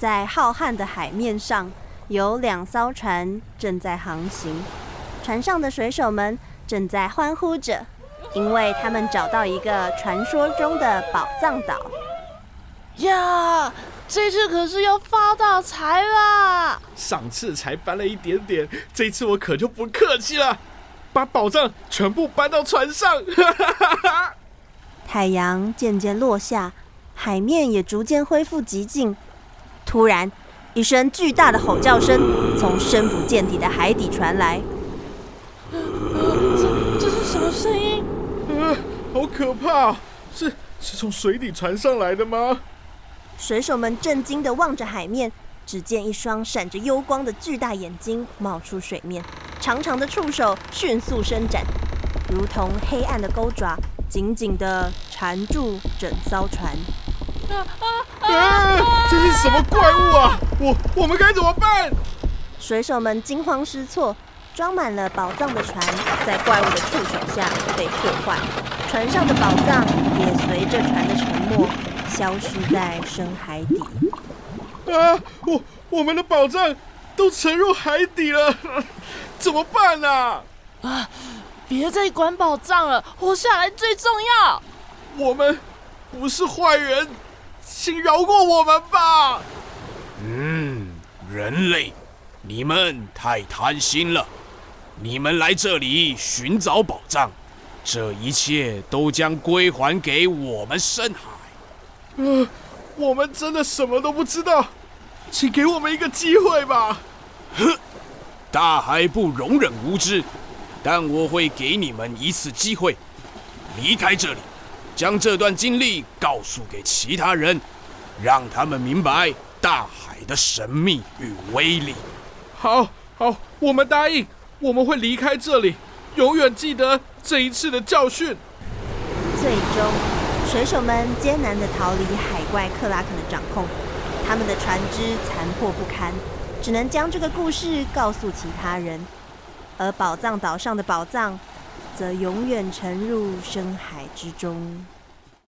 在浩瀚的海面上，有兩艘船正在航行。船上的水手們正在歡呼着，因為他們找到一個傳說中的寶藏島。呀，這次可是要發大財啦！上次才搬了一點點，這次我可就不客氣了，把寶藏全部搬到船上。 太陽漸漸落下，海面也逐漸恢復寂靜。突然，一聲巨大的吼叫聲從深不見底的海底傳來。啊，這這是什麼聲音？啊，好可怕！是是從水底傳上來的嗎？水手們震驚地望着海面，只見一雙閃着幽光的巨大眼睛冒出水面，長長的觸手迅速伸展，如同黑暗的鈎爪，緊緊地纏住整艘船。啊啊啊！什麼怪物啊！我我們該怎麼辦？水手們驚慌失措，裝滿了寶藏的船在怪物的觸手下被破壞，船上的寶藏也隨着船的沉沒消失在深海底。啊，我我們的寶藏都沉入海底了，怎麼辦啊？啊！別再管寶藏了，活下來最重要。我們不是壞人。請饒過我們吧。嗯，人類，你們太貪心了。你們來這裡尋找寶藏，這一切都將歸還給我們深海。啊、呃，我們真的什麼都不知道，請給我們一個機會吧。呵，大海不容忍無知，但我會給你們一次機會，離開這裡。將這段經歷告訴給其他人，讓他們明白大海的神秘與威力。好好，我們答應，我們會離開這裡，永遠記得這一次的教訓。最終，水手們艱難地逃離海怪克拉肯的掌控，他們的船只殘破不堪，只能將這個故事告訴其他人，而寶藏島上的寶藏則永遠沉入深海之中。